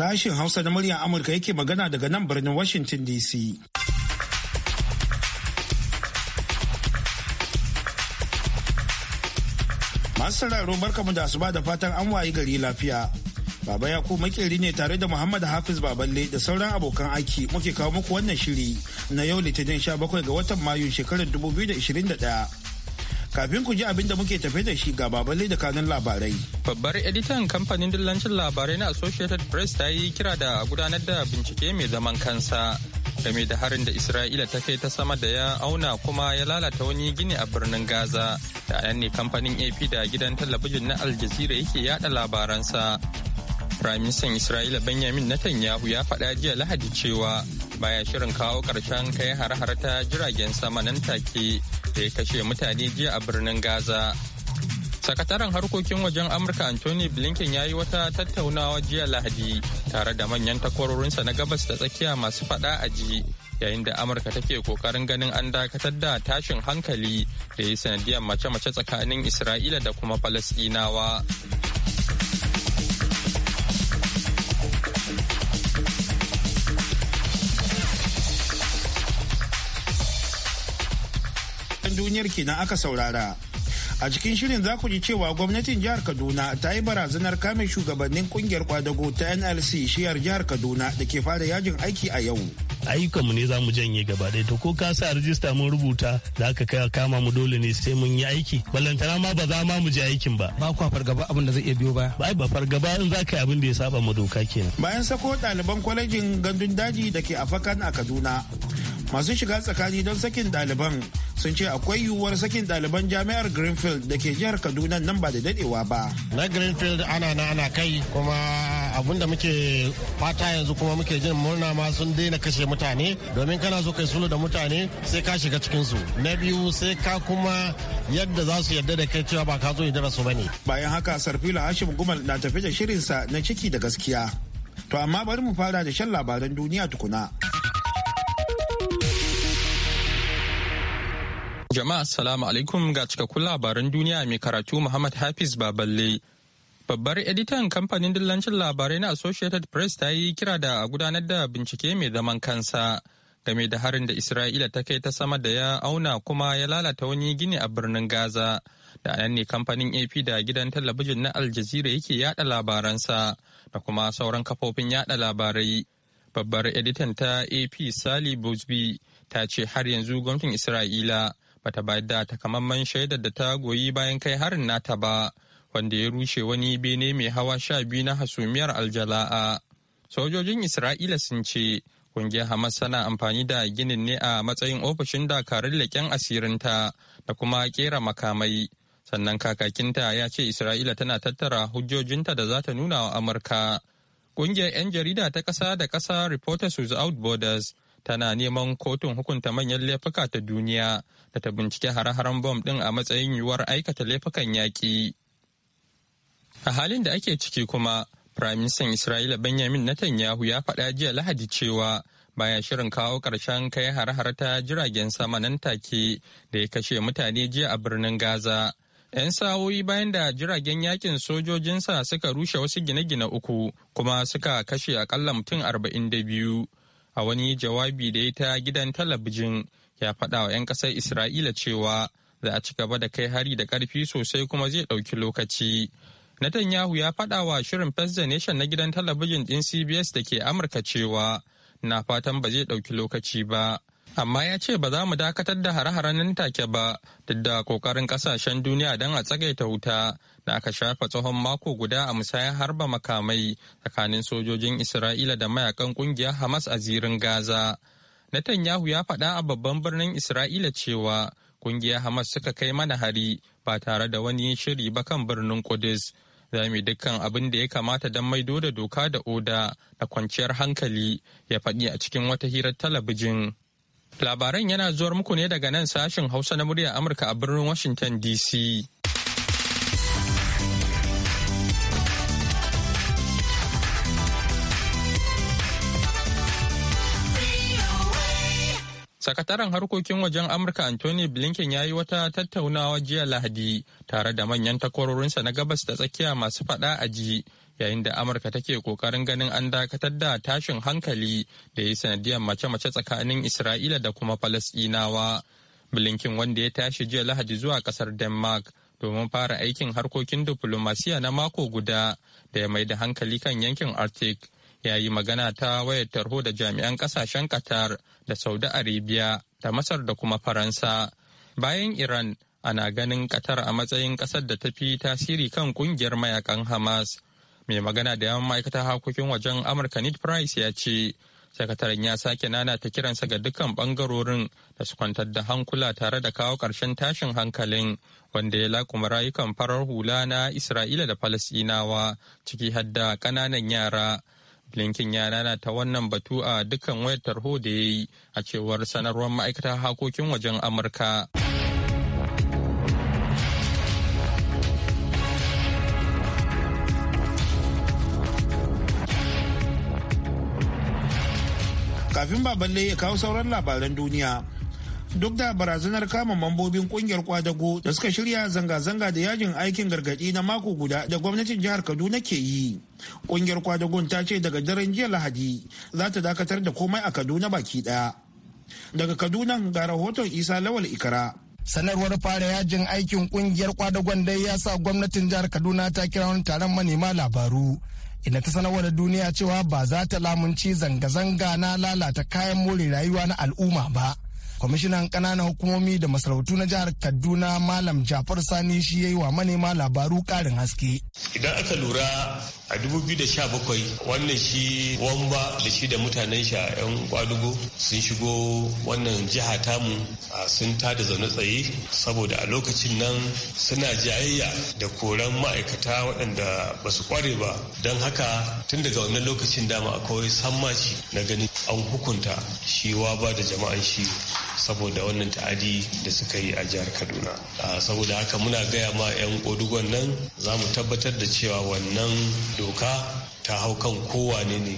sashen Hausa na muryar Amurka yake magana daga nan birnin Washington DC. Masu sauraro barkamu da asuba da fatan an wayi gari lafiya. Baba yaku makeri ne tare da Muhammad Hafiz Baballe da sauran abokan aiki muke kawo muku wannan shiri na yau Litinin 17 ga watan Mayu shekarar 2021. Kafin ku ji abin da muke tafe da shi ga babalai da kanun labarai. Babbar editan kamfanin dillancin labarai na Associated Press ta yi kira da gudanar da bincike mai zaman kansa game da harin da Isra'ila ta kai ta sama da ya auna kuma ya lalata wani gini a birnin Gaza. Da a ne kamfanin AP da gidan talabijin na Al Jazeera yake yada labaransa. Firaministan Isra'ila Benjamin Netanyahu ya faɗa jiya Lahadi cewa baya shirin kawo ƙarshen kai har-har ta jiragen sama nan take da ya kashe mutane jiya a birnin Gaza. Sakataren harkokin wajen Amurka Anthony Blinken ya yi wata tattaunawa jiya Lahadi tare da manyan takwarorinsa na gabas da tsakiya masu fada a ji yayin da Amurka take kokarin ganin an dakatar da tashin hankali da ya sanadiyar mace-mace tsakanin Isra'ila da kuma Falasɗinawa. duniyar kenan aka saurara. A cikin shirin za ku ji cewa gwamnatin jihar Kaduna ta yi barazanar kame shugabannin kungiyar kwadago ta NLC shiyar jihar Kaduna da ke fara yajin aiki a yau. ayyukanmu ne za mu janye gaba ɗaya to ko ka sa rajista mun rubuta da aka kama mu dole ne sai mun yi aiki ballantana ma ba za ma mu je aikin ba ba ku fargaba abin da zai iya biyo ba ba ba fargaba in za ka yi abin da ya saba ma doka kenan bayan sako ɗaliban kwalejin gandun daji da ke afakan a kaduna masu shiga tsakani don sakin ɗaliban sun ce akwai yiwuwar sakin ɗaliban jami'ar greenfield da ke jihar kaduna nan ba da dadewa ba na greenfield ana na ana kai kuma abun da muke fata yanzu kuma muke jin murna ma sun daina kashe mutane domin kana so kai sulu da mutane sai ka shiga cikin su na biyu sai ka kuma yadda za su yadda da kai cewa ba ka zo yadda su bane bayan haka sarfila hashim gumal na tafi da shirinsa na ciki da gaskiya to amma bari mu fara da shan labaran duniya tukuna Jama'a salamu alaikum ga cikakkun labaran duniya mai karatu Muhammad Hafiz Baballe. Babbar editan kamfanin dillancin labarai na Associated Press ta yi kira da gudanar da bincike mai zaman kansa game da harin da Isra'ila ta kai ta sama da ya auna kuma ya lalata wani gini a birnin Gaza. Da nan ne kamfanin AP da gidan talabijin na Al Jazeera yake yada labaransa da kuma sauran kafofin yada labarai. Babbar editan ta AP Sally Bosby ta ce har yanzu gwamnatin Isra'ila bata bayar da takamaiman shaidar da ta goyi bayan kai harin nata ba wanda ya rushe wani bene mai hawa sha biyu na hasumiyar aljala'a sojojin isra'ila sun ce kungiyar hamas tana amfani da ginin ne a matsayin ofishin dakarun leƙen asirinta da kuma kera makamai sannan kakakinta ya ce isra'ila tana tattara hujjojinta da za ta nuna wa amurka kungiyar 'yan jarida ta ƙasa da ƙasa reporters without borders tana neman kotun hukunta manyan laifuka ta duniya da ta bincike hare-haren bom ɗin a matsayin yiwuwar aikata laifukan yaƙi. A halin da ake ciki kuma, Firaministan Isra'ila Benjamin Netanyahu ya faɗa jiya Lahadi cewa baya shirin kawo ƙarshen kai har-har ta jiragen sama nan take da ya kashe mutane jiya a birnin Gaza. 'Yan sa'o'i bayan da jiragen yakin sojojinsa suka rushe wasu gine-gine uku kuma suka kashe akalla mutum arba'in da biyu. a wani jawabi da ya ta gidan talabijin ya faɗa wa 'yan ƙasar isra'ila cewa za a ci gaba da kai hari da ƙarfi sosai kuma zai ɗauki lokaci netanyahu ya faɗa wa shirin first nation na gidan talabijin ɗin cbs da ke amurka cewa na fatan ba zai ɗauki lokaci ba amma ya ce ba za mu dakatar da hare-haren nan take ba duk da kokarin kasashen duniya don a tsagaita wuta da aka shafa tsohon mako guda a musayar harba makamai tsakanin sojojin Isra'ila da mayakan kungiyar Hamas a zirin Gaza. Netanyahu ya faɗa a babban birnin Isra'ila cewa kungiyar Hamas suka kai mana hari ba tare da wani shiri ba kan birnin Kudus. Za mu dukkan abin da ya kamata don maido da doka da oda da kwanciyar hankali ya faɗi a cikin wata hirar talabijin. Labaran yana zuwar muku ne daga nan sashen Hausa na murya Amurka a birnin Washington DC. Sakataren harkokin wajen Amurka Anthony Blinken ya yi wata tattaunawa jiya Lahadi tare da manyan takwarorinsa na gabas da tsakiya masu faɗa a ji yayin da Amurka take kokarin ganin an dakatar da tashin hankali da ya sanadiyar mace-mace tsakanin Isra'ila da kuma Falasɗinawa. Blinken wanda ya tashi jiya Lahadi zuwa kasar Denmark domin fara aikin harkokin diflomasiya na mako guda da ya mai da hankali kan yankin Arctic. ya yi magana ta wayar tarho da jami'an kasashen qatar da saudi arabia da masar da kuma faransa bayan iran ana ganin qatar a matsayin kasar da ta fi tasiri kan kungiyar mayakan hamas mai magana da yawan ma'aikatar harkokin wajen amurka nit price ya ce sakataren ya sake nana ta kiransa ga dukkan bangarorin da su kwantar da hankula tare da kawo ƙarshen tashin hankalin wanda ya lakuma rayukan farar hula na isra'ila da falasinawa ciki hadda ƙananan yara Blinken ya ta wannan batu a dukkan wayar tarho da ya yi a cewar sanarwar ma'aikatar hakokin wajen Amurka. Kafin baballe ya kawo sauran labaran duniya. duk da barazanar kama mambobin kungiyar kwadago da suka shirya zanga-zanga da yajin aikin gargadi na mako guda da gwamnatin jihar kaduna ke yi kungiyar kwadagon ta ce daga daren jiya lahadi za ta dakatar da komai a kaduna baki daya daga kaduna ga rahoton isa lawal ikara sanarwar fara yajin aikin kungiyar kwadagon dai ya sa gwamnatin jihar kaduna ta kira wani taron manema labaru inda ta sanarwar da duniya cewa ba za ta lamunci zanga-zanga na lalata kayan more rayuwa na al'umma ba kwamishinan kananan hukumomi da masarautu na jihar kaduna malam jafar sani shi ya yi wa manema labaru karin haske idan aka lura a 2017 wannan shi wamba da shi da mutanen shi 'yan kwadugo sun shigo wannan jiha tamu a sun da zaune tsaye saboda a lokacin nan suna jayayya da koran ma'aikata waɗanda ba su kware ba don haka tun daga wannan lokacin dama akwai sammaci na gani an hukunta shi wa ba da jama'an shi saboda wannan ta'adi da suka yi a jihar kaduna saboda haka muna gaya ma 'yan kodugon nan za mu tabbatar da cewa wannan doka ta hau kan kowane ne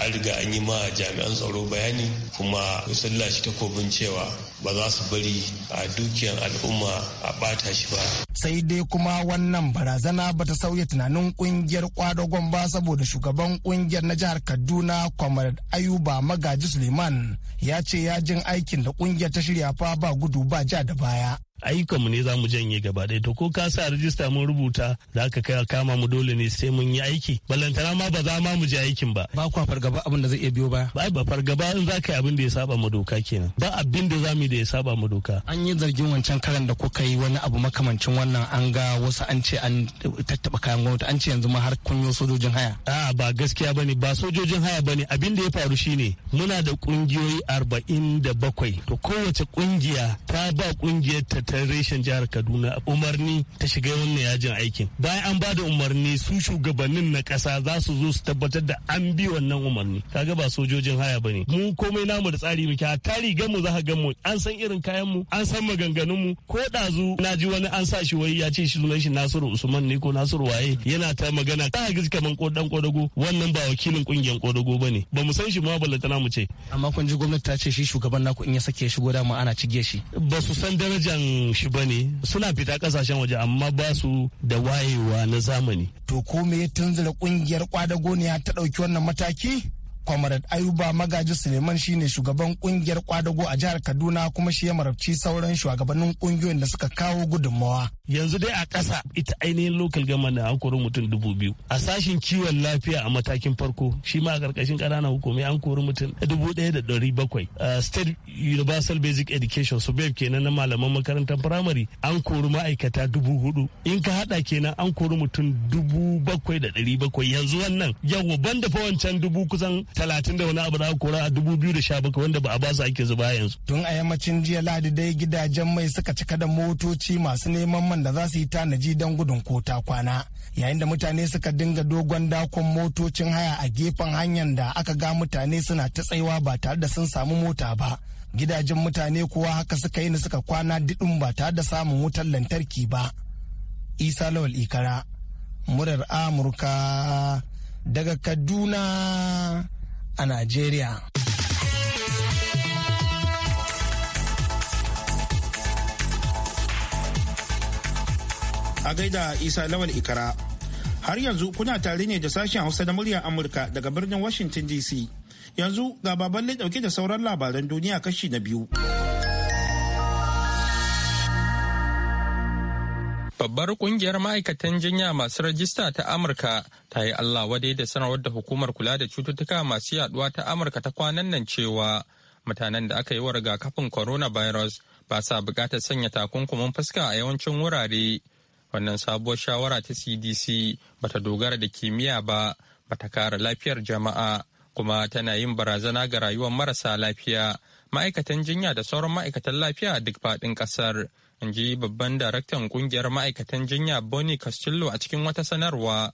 a riga an yi ma jami'an tsaro bayani kuma shi ta takobin cewa ba za su bari a dukiyar al'umma a bata shi ba. Sai dai kuma wannan barazana ba ta sauya tunanin kungiyar kwadagon ba saboda shugaban kungiyar na jihar Kaduna Comrade Ayuba Magaji Suleiman ya ce ya jin aikin da kungiyar ta shirya fa ba gudu ba ja da baya. ayyukanmu ne za mu janye gaba ɗaya to ko ka sa rajista mun rubuta za ka kai kama mu dole ne sai mun yi aiki ballantana ma ba za ma mu je aikin ba ba kwa fargaba abin da zai iya biyo ba ba ba fargaba in za ka yi abin da ya saba mu doka kenan ba abin da za mu da ya saba mu doka an yi zargin wancan karan da kuka yi wani abu makamancin wannan an ga wasu an ce an tattaba kayan gwamnati an ce yanzu ma har kunyo sojojin haya a ba gaskiya bane ba sojojin haya bane abin da ya faru shine muna da kungiyoyi arba'in da bakwai to kowace kungiya ta ba kungiyar ta ta reshen jihar kaduna umarni ta shiga wannan yajin aikin bayan an bada umarni su shugabannin na kasa za su zo su tabbatar da an bi wannan umarni kaga ba sojojin haya ba ne mu komai namu da tsari muke a tari gamu za ka gamu an san irin kayan mu an san maganganun mu ko ɗazu na ji wani an sa shi wai ya ce shi sunan shi nasiru usman ne ko nasiru waye yana ta magana ta ga kaman kodan kodago wannan ba wakilin kungiyar kodago ba ne ba mu san shi ma tana mu ce amma kun ji gwamnati ta ce shi shugaban naku in ya sake shigo da mu ana cige shi ba su san darajan shi ba bane suna fita kasashen waje amma ba su da wayewa na zamani to ko me ya tunzura kungiyar kwadago ne ta ɗauki wannan mataki comrade ayuba magaji suleiman shine shugaban kungiyar kwadago a jihar kaduna kuma shi ya marabci sauran shugabannin kungiyoyin da suka kawo gudummawa. yanzu dai a ƙasa ita ainihin local government an kori mutum dubu biyu a sashin kiwon lafiya a matakin farko shi ma a ƙarƙashin ƙananan hukumai an kori mutum dubu ɗaya da ɗari bakwai state universal basic education su kenan na malaman makarantar firamare an kori ma'aikata dubu hudu in ka haɗa kenan an kori mutum dubu bakwai da ɗari bakwai yanzu wannan yawa banda fa wancan dubu kusan talatin da wani abu na kora a dubu biyu da sha wanda ba a basu ake zuba yanzu. Tun a yammacin jiya Ladi dai gidajen mai suka cika da motoci masu neman man da za su yi tanaji don gudun kota kwana. Yayin da mutane suka dinga dogon dakon motocin haya a gefen hanyar da aka ga mutane suna ta tsayawa ba tare da sun samu mota ba. Gidajen mutane kuwa haka suka yi ni suka kwana didin ba tare da samun wutar lantarki ba. Isa Lawal Ikara, murar Amurka daga Kaduna. a Najeriya. A gaida Isa Lawal Ikara. Har yanzu kuna tare ne da sashen Hausa da muryar Amurka daga birnin Washington DC. Yanzu ga baballe dauke da sauran labaran duniya kashi na biyu. Babbar kungiyar ma'aikatan jinya masu rajista ta Amurka ta yi Allah wadai da sanarwar da hukumar kula da cututtuka masu yaduwa ta Amurka ta kwanan nan cewa mutanen da aka yi wa rigakafin coronavirus ba sa buƙatar sanya takunkumin fuska a yawancin wurare. Wannan sabuwar shawara ta CDC bata dogara da kimiyya ba, bata kare lafiyar jama'a, kuma tana yin barazana ga rayuwar marasa lafiya, ma'aikatan jinya da sauran ma'aikatan lafiya a duk faɗin ƙasar. in ji babban daraktan kungiyar ma'aikatan jinya Bonnie Castillo a cikin wata sanarwa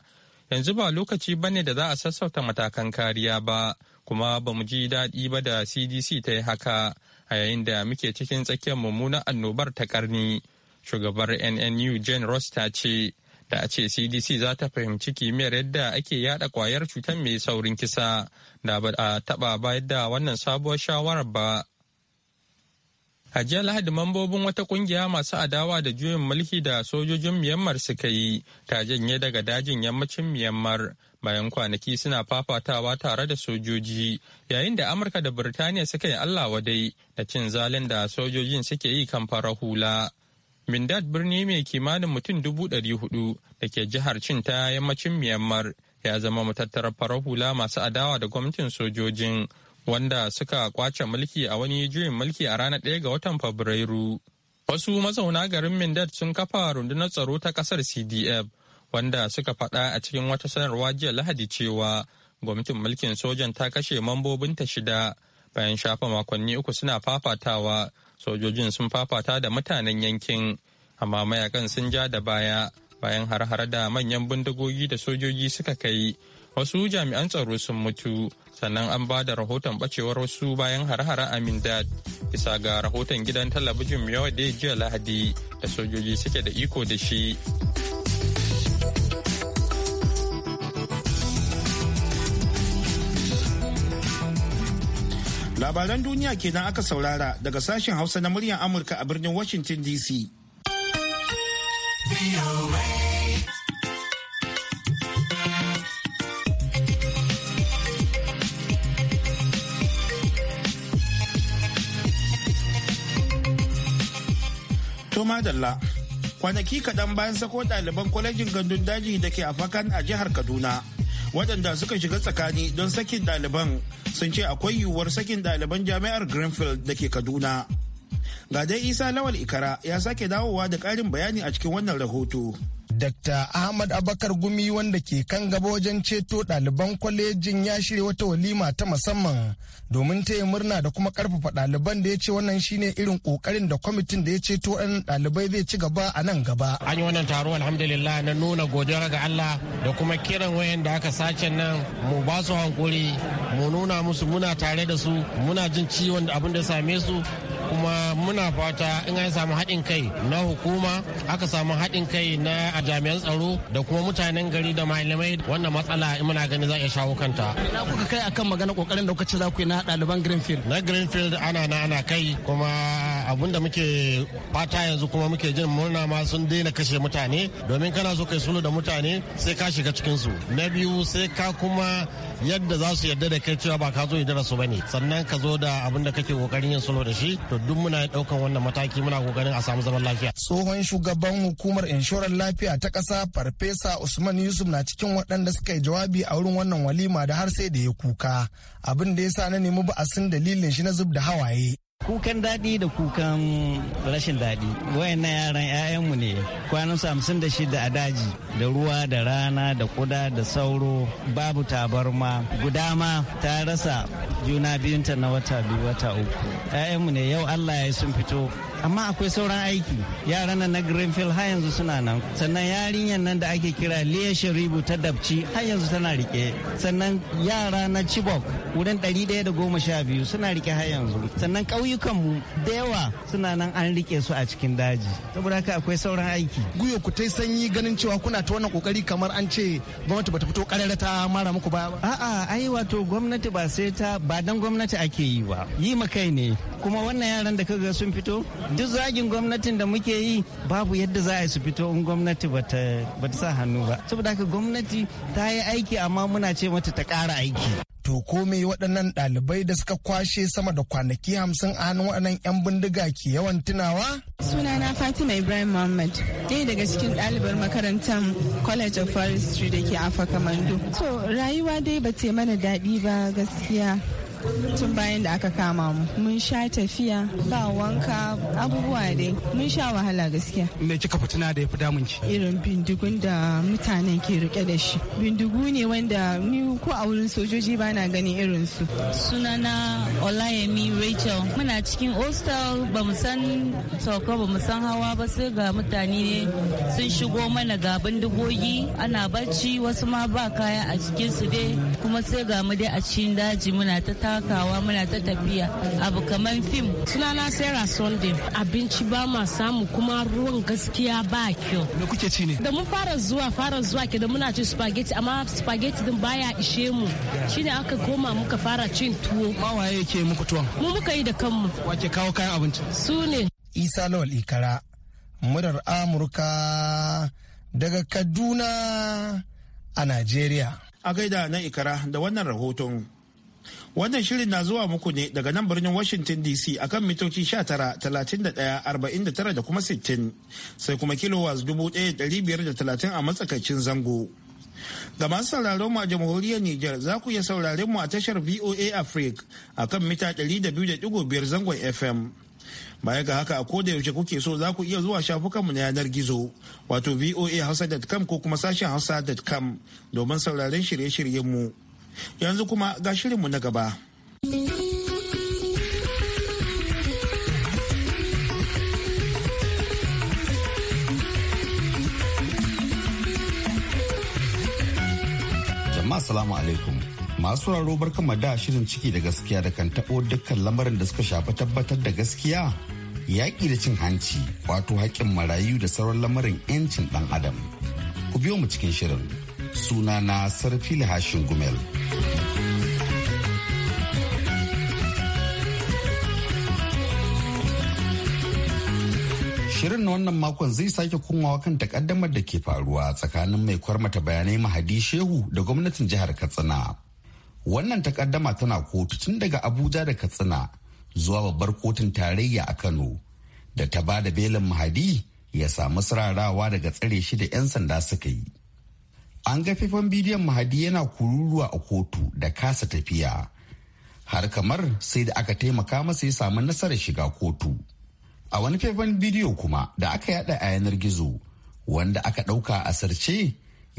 yanzu ba lokaci ba ne da za a sassauta matakan kariya ba kuma ba mu ji daɗi ba da cdc ta yi haka a yayin da muke cikin tsakiyar mummunan annobar ta karni shugabar nnu jane ross ta ce da a ce cdc za ta fahimci kimiyyar yadda ake yada kwayar cutar mai saurin kisa da ba a taba bayar da wannan sabuwar shawarar ba A jiya Lahadi mambobin wata kungiya masu adawa da juyin mulki da sojojin Myanmar suka yi ta janye daga dajin yammacin Myanmar bayan kwanaki suna fafatawa tare da sojoji yayin da Amurka da Birtaniya suka yi Allah wadai da cin zalin da sojojin suke yi kan fara hula. Mindad birni mai kimanin mutum dubu ɗari hudu da ke jihar cin ta yammacin Myanmar ya zama matattarar farar hula masu adawa da gwamnatin sojojin wanda suka kwace mulki a wani juyin mulki a ranar ɗaya ga watan Fabrairu. Wasu mazauna garin Mindat sun kafa rundunar tsaro ta ƙasar CDF wanda suka faɗa a cikin wata sanarwa jiya Lahadi cewa gwamnatin mulkin sojan ta kashe mambobin ta shida bayan shafa makonni uku suna fafatawa sojojin sun fafata da mutanen yankin amma mayakan sun ja da baya bayan har har da manyan bindigogi da sojoji suka kai wasu jami'an tsaro sun mutu sannan an ba da rahoton bacewar wasu bayan hare-hare a Mindad bisa ga rahoton gidan talabijin da jiya Lahadi da sojoji suke da iko da shi. Labaran duniya kenan aka saurara daga sashen Hausa na muryar Amurka a birnin Washington DC. madalla. Kwanaki kaɗan bayan sako ɗaliban kwalejin gandun daji da ke afakan a jihar Kaduna. Waɗanda suka shiga tsakani don sakin ɗaliban sun ce akwai yiwuwar sakin ɗaliban jami'ar Greenfield da ke Kaduna. Ga dai Isa Lawal Ikara ya sake dawowa da ƙarin bayani a cikin wannan rahoto. Dr. Ahmad Abakar Gumi wanda ke kan gaba wajen ceto ɗaliban kwalejin ya shirya wata walima ta musamman domin ta yi murna da kuma karfafa ɗaliban da ya ce wannan shine irin kokarin da kwamitin da ya ceto ɗan ɗalibai zai ci gaba a nan gaba. An yi wannan taro alhamdulillah na nuna godiyar ga Allah da kuma kiran wayan da aka sace nan mu ba su hankuri mu nuna musu muna tare da su muna jin ciwon abin da same su kuma muna fata in an samu haɗin kai na hukuma aka samu haɗin kai na a jami'an tsaro da kuma mutanen gari da malamai wannan matsala in muna gani za a shawo kanta. Na kuka kai akan magana kokarin da kuka za ku na ɗaliban Greenfield. Na Greenfield ana na ana kai kuma abun da muke fata yanzu kuma muke jin murna ma sun daina kashe mutane domin kana so kai sulu da mutane sai ka shiga cikin su. Na biyu sai ka kuma yadda za su yarda da kai cewa ba ka zo yaudara su ne sannan ka zo da abin da kake kokarin yin sulhu da shi to duk muna daukan wannan mataki muna kokarin a samu zaman lafiya tsohon shugaban hukumar inshorar lafiya ta ƙasa farfesa usman yusuf na cikin waɗanda suka yi jawabi a wurin wannan walima da har sai da ya kuka abin da ya sa na nemi ba a sun dalilin shi na zub da hawaye kukan daɗi da kukan rashin daɗi wayannan yaran 'ya'yanmu ne kwanan hamsin da shida a daji da ruwa da rana da kuda da sauro babu tabarma guda ma ta rasa juna biyunta na wata biyu wata uku 'ya'yanmu ne yau allah ya sun fito amma akwai sauran aiki yaran nan na greenfield har yanzu suna nan sannan yarinyar nan da ake kira liya sharibu ta dabci har yanzu tana rike sannan yara na chibok wurin 112 suna rike har yanzu sannan mu da yawa suna nan an rike su a cikin daji saboda haka akwai sauran aiki guyo ku tai sanyi ganin cewa kuna ta wannan kokari kamar an ce gwamnati bata fito karara ta mara muku ba a'a ai wato gwamnati ba sai ta ba dan gwamnati ake yi ba yi ma kai ne kuma wannan yaran da kaga sun fito duk zagin gwamnatin da muke yi babu yadda za a su fito in gwamnati ba ta sa hannu ba saboda haka gwamnati ta yi aiki amma muna ce mata ta kara aiki to komai waɗannan ɗalibai da suka kwashe sama da kwanaki hamsin a hannun waɗannan 'yan bindiga ke yawan tunawa? sunana fatima ibrahim muhammad ɗaya daga cikin ɗalibar makarantar college of forestry da ke afa kamando to rayuwa dai ba mana daɗi ba gaskiya tun bayan da aka kama mu mun sha tafiya ba wanka abubuwa dai mun sha wahala gaskiya me kika fitina da ya damun ki irin bindigun da mutanen ke rike da shi bindigu ne wanda ni ko a wurin sojoji ba na ganin irin su Suna na olayemi rachel muna cikin hostel ba mu san sauka ba mu san hawa ba sai ga mutane ne sun shigo mana ga bindigogi ana bacci wasu ma ba kaya a jikinsu dai kuma sai ga mu dai a cikin daji muna ta takawa muna ta tafiya abu kamar fim sunana sarah sunday abinci ba ma samu kuma ruwan gaskiya ba kyau me kuke ci ne da mun fara zuwa fara zuwa ke da muna ci spaghetti amma spaghetti din baya ishe mu shine aka koma muka fara cin tuwo ma waye yake muku tuwon mu muka yi da kanmu wace kawo kayan abinci su ne isa lawal ikara murar amurka daga kaduna a najeriya a gaida na ikara da wannan rahoton Wannan shirin na zuwa muku ne daga nan birnin Washington DC akan mitoci 19, da kuma 60 sai kuma kilowatts 1530 a matsakaicin zango. Ga masu sauraron mu a jamhuriyar niger za ku iya sauraren mu a tashar VOA Africa a kan mita 200.5 zangon FM. Baya ga haka a koda yaushe kuke so za ku iya zuwa shafukanmu na yanar gizo wato voa hausa.com ko kuma sashen hausa.com domin sauraren shirye shiryen mu. Yanzu kuma ga shirinmu na gaba. Jama'a salamu alaikum. Masu raro barkama da shirin ciki da gaskiya da kan taɓo dukkan lamarin da suka shafi tabbatar da gaskiya yaƙi da cin hanci wato haƙƙin marayu da sauran lamarin 'yancin ɗan adam. Ku biyo mu cikin shirin. suna na Sarfili Hashin Gumel. shirin na wannan makon zai sake komawa kan takaddamar da ke faruwa tsakanin mai kwarmata bayanai mahadi shehu da gwamnatin jihar katsina wannan takaddama tana kotu tun daga abuja da katsina zuwa babbar kotun tarayya a kano da ta ba da belin mahadi ya samu sirarawa daga tsare shi da 'yan sanda suka yi an ga faifan bidiyon mahadi yana kururuwa a kotu da kasa tafiya har kamar sai da aka taimaka masa ya samu nasarar shiga kotu a wani faifan bidiyo kuma da aka yada a yanar gizo wanda aka ɗauka a sarce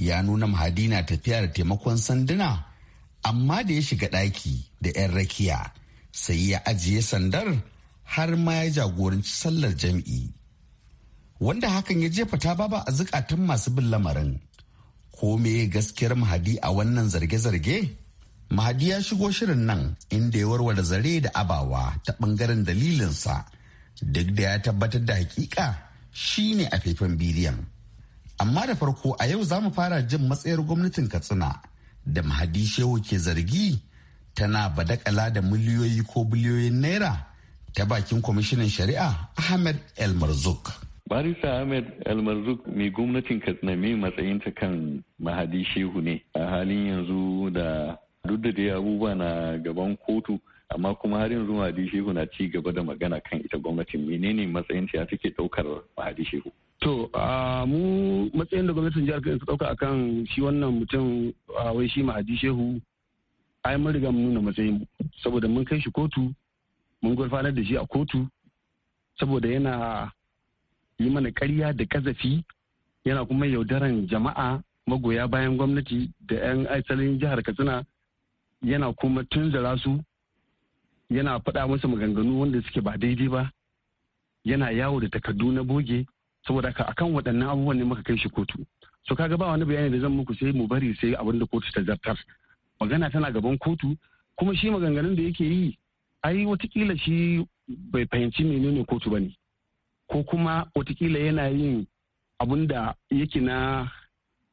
ya nuna mahadi na tafiya da taimakon sanduna amma da ya shiga daki da 'yan rakiya sai ya ajiye sandar har ma ya jagoranci sallar jam'i wanda hakan ya jefa ta baba a zukatan masu bin lamarin ko me gaskiyar mahadi a wannan zarge-zarge mahadi ya shigo shirin nan inda ya warware zare da abawa ta bangaren dalilinsa duk da ya tabbatar da hakika ne a faifan bidiyon amma da farko a yau za mu fara jin matsayar gwamnatin katsina da mahadi shehu ke zargi tana badakala da miliyoyi ko biliyoyin naira ta bakin kwamishinan shari'a ahmed el marzuk Barisa Ahmed Almarzuk mai gwamnatin Katsina mai matsayinta kan mahadi shehu ne a halin yanzu da duk da dai abubuwa na gaban kotu amma kuma har yanzu mahadi shehu na ci gaba da magana kan ita gwamnatin menene matsayinta ya take daukar mahadi shehu. To mu matsayin da gwamnatin jihar Kano ta dauka akan shi wannan mutum wai shi mahadi shehu ai mun riga mun nuna matsayin saboda mun kai shi kotu mun gurfanar da shi a kotu saboda yana yi mana karya da kazafi yana kuma yaudaran jama'a magoya bayan gwamnati da 'yan asalin jihar katsina yana kuma tunzura su yana faɗa musu maganganu wanda suke ba daidai ba yana yawo da takardu na boge saboda ka akan waɗannan abubuwan ne muka kai shi kotu so kaga ba wani bayani da zan muku sai mu bari sai abin da kotu ta zartar magana tana gaban kotu kuma shi maganganun da yake yi ai watakila shi bai fahimci menene kotu ba ne ko kuma watakila yana yin abun da yake na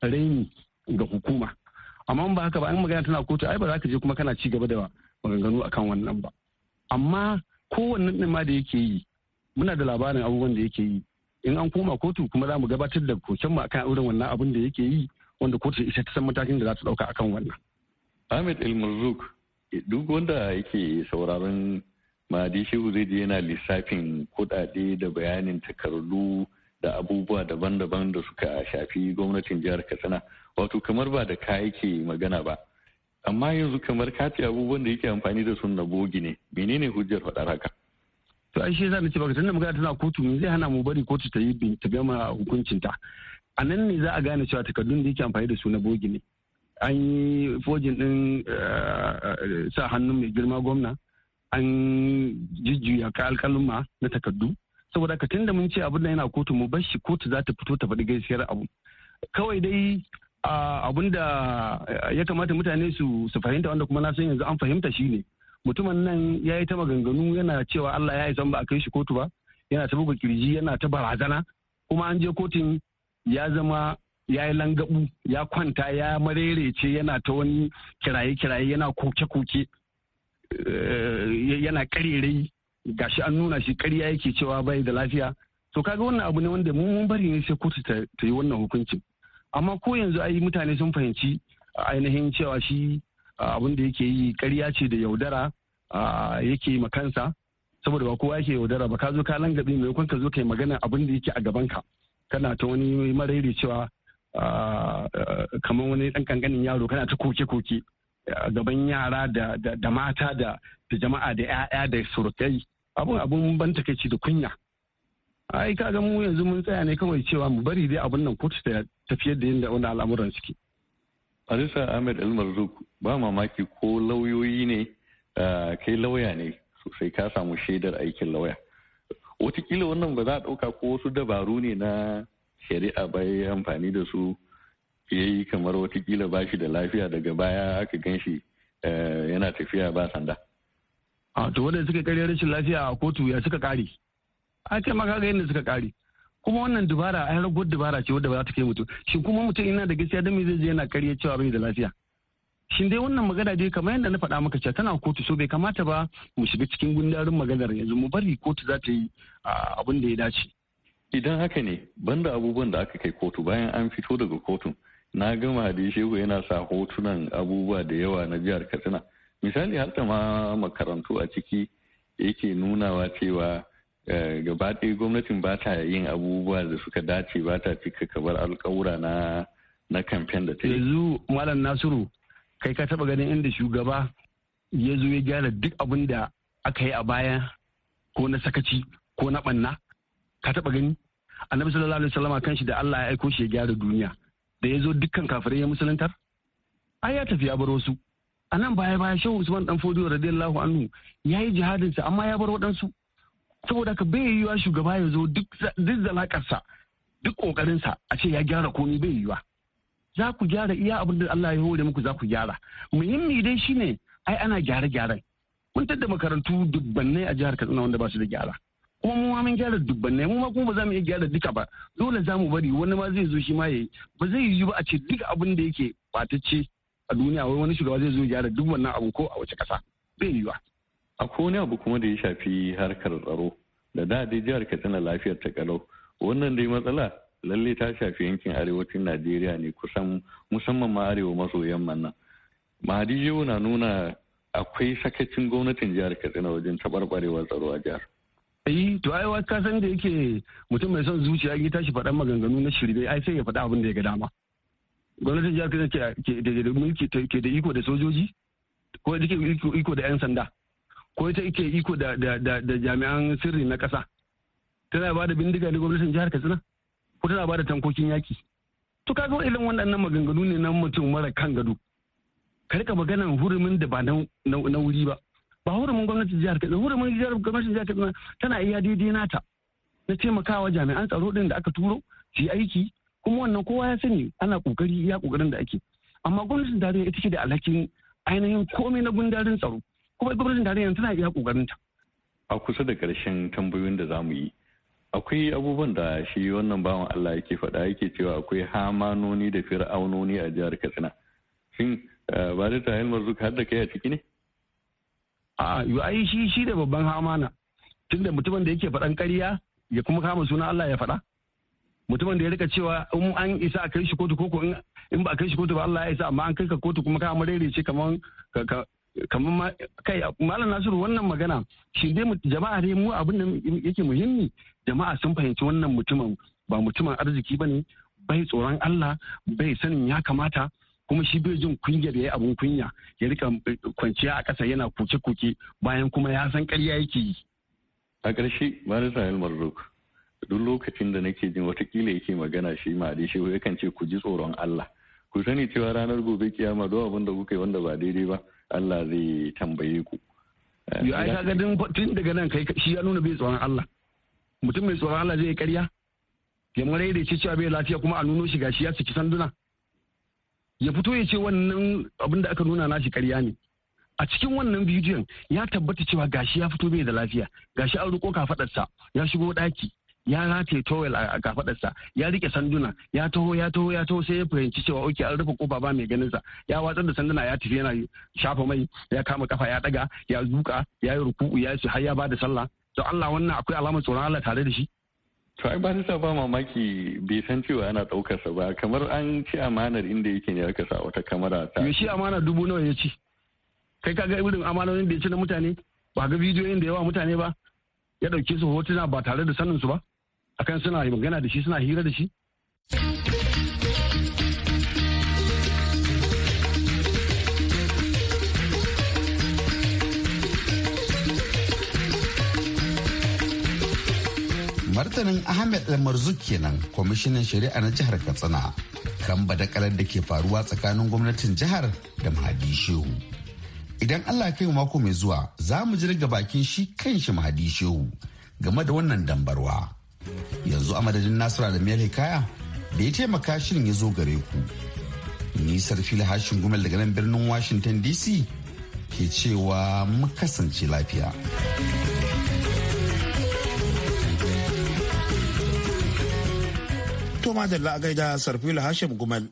raini ga hukuma amma ba haka ba an magana tana kotu ai ba za ka je kuma kana ci gaba da maganganu akan wannan ba amma kowanne ɗin ma da yake yi muna da labarin abubuwan da yake yi in an koma kotu kuma za mu gabatar da koken mu akan irin wannan abun da yake yi wanda kotu ita ta san matakin da za ta ɗauka akan wannan. Ahmed Ilmuzuk duk wanda yake sauraron Mahadi Shehu zai je yana lissafin kuɗaɗe da bayanin takardu da abubuwa daban-daban da suka shafi gwamnatin jihar Katsina. Wato kamar ba da ka yake magana ba. Amma yanzu kamar kafi abubuwan da yake amfani da sun na bogi ne. Menene hujjar faɗar haka? To ai shi yasa na ce baka tunda magana tana kotu me zai hana mu bari kotu ta yi bincike ma hukuncinta. A nan ne za a gane cewa takardun da yake amfani da su na bogi ne. an yi fojin din eh, eh, eh, sa hannu mai girma gwamna an jujjuya ka alkaluma na takardu saboda ka tunda mun ce abin da yana kotu mu bashi kotu za ta fito ta faɗi gaisiyar abu kawai dai abin da ya kamata mutane su su fahimta wanda kuma na san yanzu an fahimta shine mutumin nan ya yi ta maganganu yana cewa Allah ya yi san ba a kai shi kotu ba yana ta buga kirji yana ta barazana kuma an je kotun ya zama ya yi langabu ya kwanta ya marerece yana ta wani kiraye-kiraye yana koke-koke Eh, yana karerai gashi an nuna shi karya yake cewa bai da lafiya to kaga wannan abu ne wanda mun bari ne sai kotu ta yi wannan hukuncin amma ko yanzu ai mutane sun fahimci ainihin cewa shi ah, abin da yake yi karya ce da yaudara ah, yake yi makansa saboda ba kowa yake yaudara ba ka zo ka langabe maimakon ka zo kai magana abin da yake a gaban ka kana ta wani marairi cewa ah, kamar wani dan kanganin yaro kana ta koke-koke gaban yara da mata da jama'a da 'ya'ya da surukai abun abun ban takaici da kunya ai kaga mu yanzu mun tsaya ne kawai cewa mu bari dai abun nan kotu ta tafiyar da yadda wani al'amuran suke Alisa Ahmed Elmarzuk ba mamaki ko lauyoyi ne kai lauya ne sosai ka samu shaidar aikin lauya Wataƙila wannan ba za a ɗauka ko wasu dabaru ne na shari'a bai amfani da su ya yi kamar watakila ba shi da lafiya daga baya aka gan shi eh, yana tafiya ba sanda. A to wanda suka kare rashin lafiya a kotu ya suka kare. A ce maka ga yadda suka kare. Kuma wannan dubara a ragowar dubara ce wadda ba za ta kai mutum. Shi kuma mutum ina da gaskiya don zai je yana karya cewa bai da lafiya. shi dai wannan magana dai kamar yadda na faɗa maka cewa tana kotu so bai kamata ba mu shiga cikin gundarin maganar yanzu mu bari kotu za ta yi abin da ya dace. Idan haka ne banda abubuwan da aka kai kotu bayan an fito daga kotun na gama hadi shehu yana sa hotunan abubuwa da yawa na jihar katsina misali har ma makarantu a ciki yake nunawa cewa eh, gaba gwamnatin ba ta yin abubuwa da suka dace ba ta cika kabar alkawura na kamfen da ta yi yanzu malam nasiru kai ka taba ganin inda shugaba ya zo ya gyara duk abin da aka yi a baya ko na sakaci ko na banna ka taba gani annabi sallallahu alaihi wasallama kanshi da Allah ya aiko shi ya gyara duniya da ya zo dukkan kafirai ya musuluntar ai ya tafi ya bar wasu a nan baya baya shehu usman dan fodiyo radiyallahu anhu ya yi jihadinsa amma ya bar waɗansu saboda ka bai yi yiwuwa shugaba ya zo duk zalakarsa duk kokarinsa a ce ya gyara komai bai yi yiwuwa za ku gyara iya abin da Allah ya hore muku za ku gyara muhimmi dai shine ai ana gyare gyaran mun tadda makarantu dubbanne a jihar Katsina wanda ba su da gyara kuma mu mun gyara dubban mu ma kuma ba za mu iya gyara duka ba dole za mu bari wani ma zai zo shi ma yayi ba zai yi ba a ce duka abin da yake batacce a duniya wai wani shugaba zai zo gyara duk wannan abu ko a wace kasa bai yi ba. akwai wani abu kuma da ya shafi harkar tsaro da da dai jihar Katsina lafiyar ta kalau wannan dai matsala lalle ta shafi yankin arewacin Najeriya ne kusan musamman ma arewa maso yamman nan Mahadi na nuna akwai sakacin gwamnatin jihar Katsina wajen tabarbarewar tsaro a jihar Eh to ai ka san da yake mutum mai son zuciya ya tashi faɗan maganganu na shirbe, ai sai ya faɗa abin da ya ga dama. Gwamnatin jihar Kano ke da iko da sojoji ko ke iko da 'yan sanda ko ita ke iko da jami'an sirri na ƙasa. Tana ba da bindiga ne gwamnatin jihar Katsina ko tana ba da tankokin yaki. To ka ga irin waɗannan maganganu ne na mutum mara kan gado. Ka rika maganan hurumin da ba na wuri ba. ba hurumin gwamnatin jihar Kaduna hurumin gwamnatin jihar Kaduna tana iya daidai nata na taimakawa jami'an tsaro ɗin da aka turo su aiki kuma wannan kowa ya sani ana ƙoƙari ya ƙoƙarin da ake amma gwamnatin tarayya ita ce da alhakin ainihin komai na gundarin tsaro kuma gwamnatin tarayya tana iya kokarin ta a kusa da ƙarshen tambayoyin da zamu yi akwai abubuwan da shi wannan bawan Allah yake faɗa yake cewa akwai hamanoni da fir'aunoni a jihar Katsina shin eh, ba da ilmar zuka har da kai a ciki ne a ai shi shi da babban hamana tunda mutumin da yake faɗan ƙarya ya kuma kama suna Allah ya faɗa mutumin da ya rika cewa in an isa a kai shi kotu ko in ba a kai shi kotu ba Allah ya isa amma an kai ka kotu kuma ka marere ce kaman kaman kai malam Nasiru wannan magana shi dai jama'a dai mu abin da yake muhimmi jama'a sun fahimci wannan mutumin ba mutumin arziki bane bai tsoron Allah bai sanin ya kamata kuma shi bai jin kunya da ya abun kunya ya rika eh, kwanciya a ƙasa yana kuke-kuke bayan kuma ya san ƙarya yake yi. A ƙarshe bani El Marzuk duk lokacin da nake jin watakila yake magana shi ma dai shehu yakan ce ku ji tsoron Allah. Ku sani cewa ranar gobe kiyama duk abin da kuka yi wanda ba daidai ba Allah zai tambaye ku. Yo ai kaga tun daga nan kai shi ya nuna bai tsoron Allah. Mutum mai tsoron Allah zai yi ƙarya. Ya mara da ce cewa bai lafiya kuma a nuno shi gashi ya ciki sanduna. ya fito ya ce wannan abin da aka nuna nashi karya ne a cikin wannan bidiyon ya tabbata cewa gashi ya fito bai da lafiya gashi an ruko kafadarsa ya shigo daki ya rataye towel a kafadarsa ya rike sanduna ya taho ya taho ya taho sai ya fahimci cewa oke an rufe kofa ba mai ganinsa ya watsar da sanduna ya tafi yana shafa mai ya kama kafa ya daga ya duka ya yi ruku'u ya yi har ya da sallah to Allah wannan akwai alamar tsoron Allah tare da shi to ai ba ta ba mamaki bai san cewa ana ɗaukarsa ba kamar an ci amanar inda yake ne aka sa wata kamara ta shi amana dubu nawa ya ci kai ka ga irin amanonin da ya ci na mutane ba ga bidiyoyin da yawa mutane ba ya dauke su hotuna ba tare da sanin su ba akan suna magana da shi suna hira da shi martanin ahmed marzuk kenan kwamishinan shari'a na jihar katsina kan badakalar da ke faruwa tsakanin gwamnatin jihar da mahadi shehu idan allah kai mako mai zuwa za mu ji bakin shi kan shi mahadi shehu game da wannan dambarwa yanzu a madadin nasara da miyar hikaya da ya taimaka shirin ya zo gare ku. Nisar fili hashin gumel daga nan birnin Washington DC ke cewa mu kasance lafiya. To madalla a gaida Sarfila Hashim Gumal.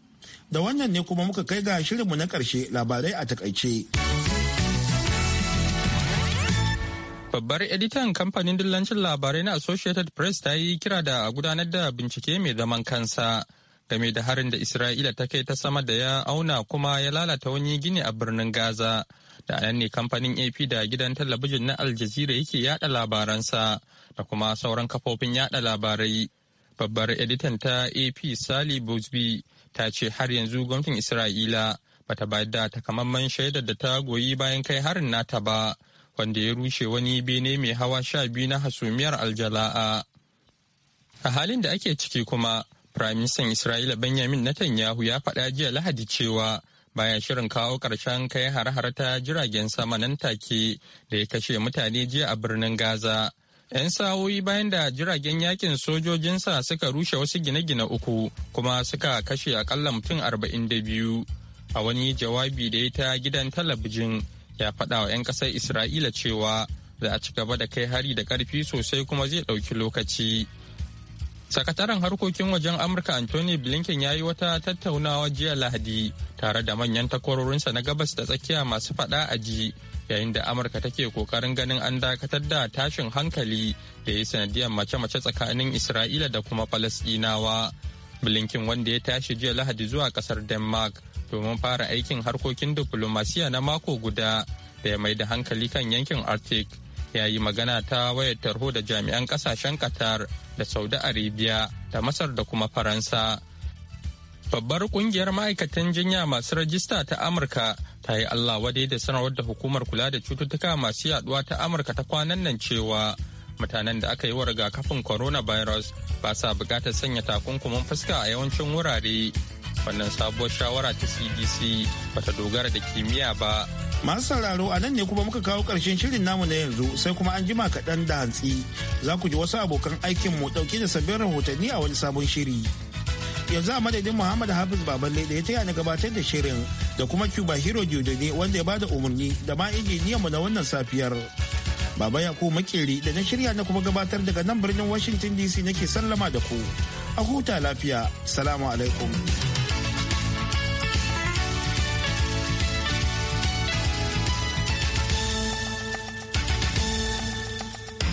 Da wannan ne kuma muka kai ga shirinmu na karshe labarai a takaice. Babbar editan kamfanin dillancin labarai na Associated Press ta yi kira da gudanar da bincike mai zaman kansa game da harin da Isra'ila ta kai ta sama da ya auna kuma ya lalata wani gini a birnin Gaza. Da nan ne kamfanin AP da gidan talabijin na Al yake yada labaransa da kuma sauran kafofin yada labarai babbar editan ta ap sally bosby ta ce har yanzu gwamnatin isra'ila bata bayar da takamaiman shaidar da ta goyi bayan kai harin nata ba wanda ya rushe wani bene mai hawa sha biyu na hasumiyar aljala'a a halin da ake ciki kuma firaministan isra'ila benjamin netanyahu ya faɗa jiya lahadi cewa bayan shirin kawo ƙarshen kai har-har ta jiragen sama nan take da ya kashe mutane jiya a birnin gaza 'Yan sa'o'i bayan da jiragen yakin sojojinsa suka rushe wasu gine-gine uku kuma suka kashe akalla mutum arba'in da biyu. A wani jawabi da ya ta gidan talabijin ya faɗa wa 'yan ƙasar Isra'ila cewa za a ci gaba da kai hari da ƙarfi sosai kuma zai ɗauki lokaci. Sakataren harkokin wajen Amurka Anthony Blinken ya yi wata tattaunawa jiya Lahadi tare da manyan takwarorinsa na gabas da tsakiya masu faɗa a ji yayin da amurka take kokarin ganin an dakatar da tashin hankali da ya sanadiyar mace-mace tsakanin isra'ila da kuma falasɗinawa blinken wanda ya tashi jiya lahadi zuwa kasar denmark domin fara aikin harkokin diflomasiya na mako guda da ya mai da hankali kan yankin arctic ya yi magana ta wayar tarho da jami'an kasashen qatar da saudi arabia da masar da kuma faransa Babbar kungiyar ma'aikatan jinya masu rajista ta Amurka ta yi Allah wadai da sanarwar da hukumar kula da cututtuka masu yaduwa ta Amurka ta kwanan nan cewa mutanen da aka yi wa rigakafin coronavirus ba sa bukatar sanya takunkumin fuska a yawancin wurare. Wannan sabuwar shawara ta CDC bata dogara da kimiyya ba. Masu sauraro a nan ne kuma muka kawo ƙarshen shirin namu na yanzu sai kuma an jima kaɗan da hantsi za ku ji wasu abokan aikinmu ɗauke da sabbin rahotanni a wani sabon shiri. yanzu a madadin muhammad hafiz baballe da ya taya ni gabatar da shirin da kuma cuba hero ne wanda ya bada umarni da ma mu na wannan safiyar baba yakubu makeri da na shirya na kuma gabatar daga nan birnin washington dc nake sallama da ku a huta lafiya salamu alaikum